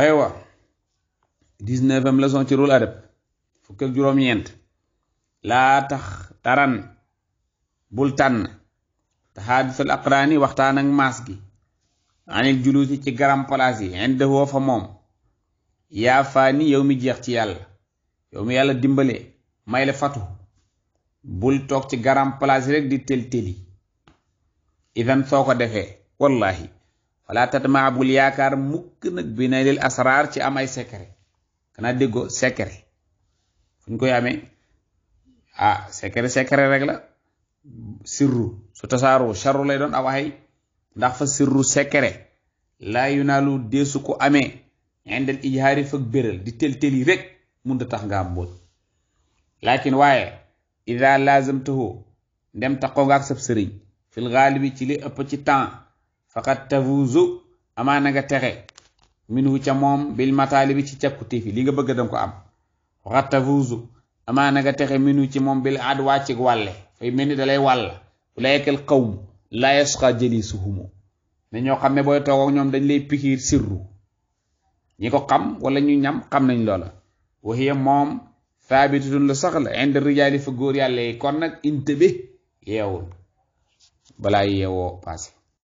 aywa dix-neuvième leçon ci rul adab fukk ak juróom-ñeent laa tax taran bul tànn taxaadisal aqraani waxtaan ak maas gi anil julusi ci garam palaas yi en defoo fa moom yaa faani yow mi jeex ci yàlla yow mi yàlla dimbale may la bul toog ci garam palaas yi rek di tel teli idan soo ko defee wallahi wala tatma bul yaakaar mukk nag bi na lil asraar ci am ay secret kana déggoo secret fu ñu koy amee ah secret secret rek la sirru su tasaaroo charru lay doon aw ay ndax fa sirru secret laa yunaalu deesu ko amee indel ijhaari fag béral di tel tel rek mun da tax nga am mbóot laakin waaye ida laazamtahu ndem taxoo nga ak sab sëriñ fil gaalibi ci li ëpp ci temps faqat tafuzu amaana nga texe minhu ca moom bil mataalibi ci càkkutéefi li nga bëgg danga ko am faqat tafuzu amaana nga texe minhu ci moom bil adwaa ci wàlle fay mel ni dalay wàll ulaykal qawm laa yasqa jalisuhumu ne ñoo xam ne booy toog ak ñoom dañ lay pikiir sirru ñi ko xam wala ñu ñam xam nañ loola wa hiya moom thabitatun lu sax la inde rijaali fa góor yàlla kon nag inte bi yeewul balaa yeewoo passé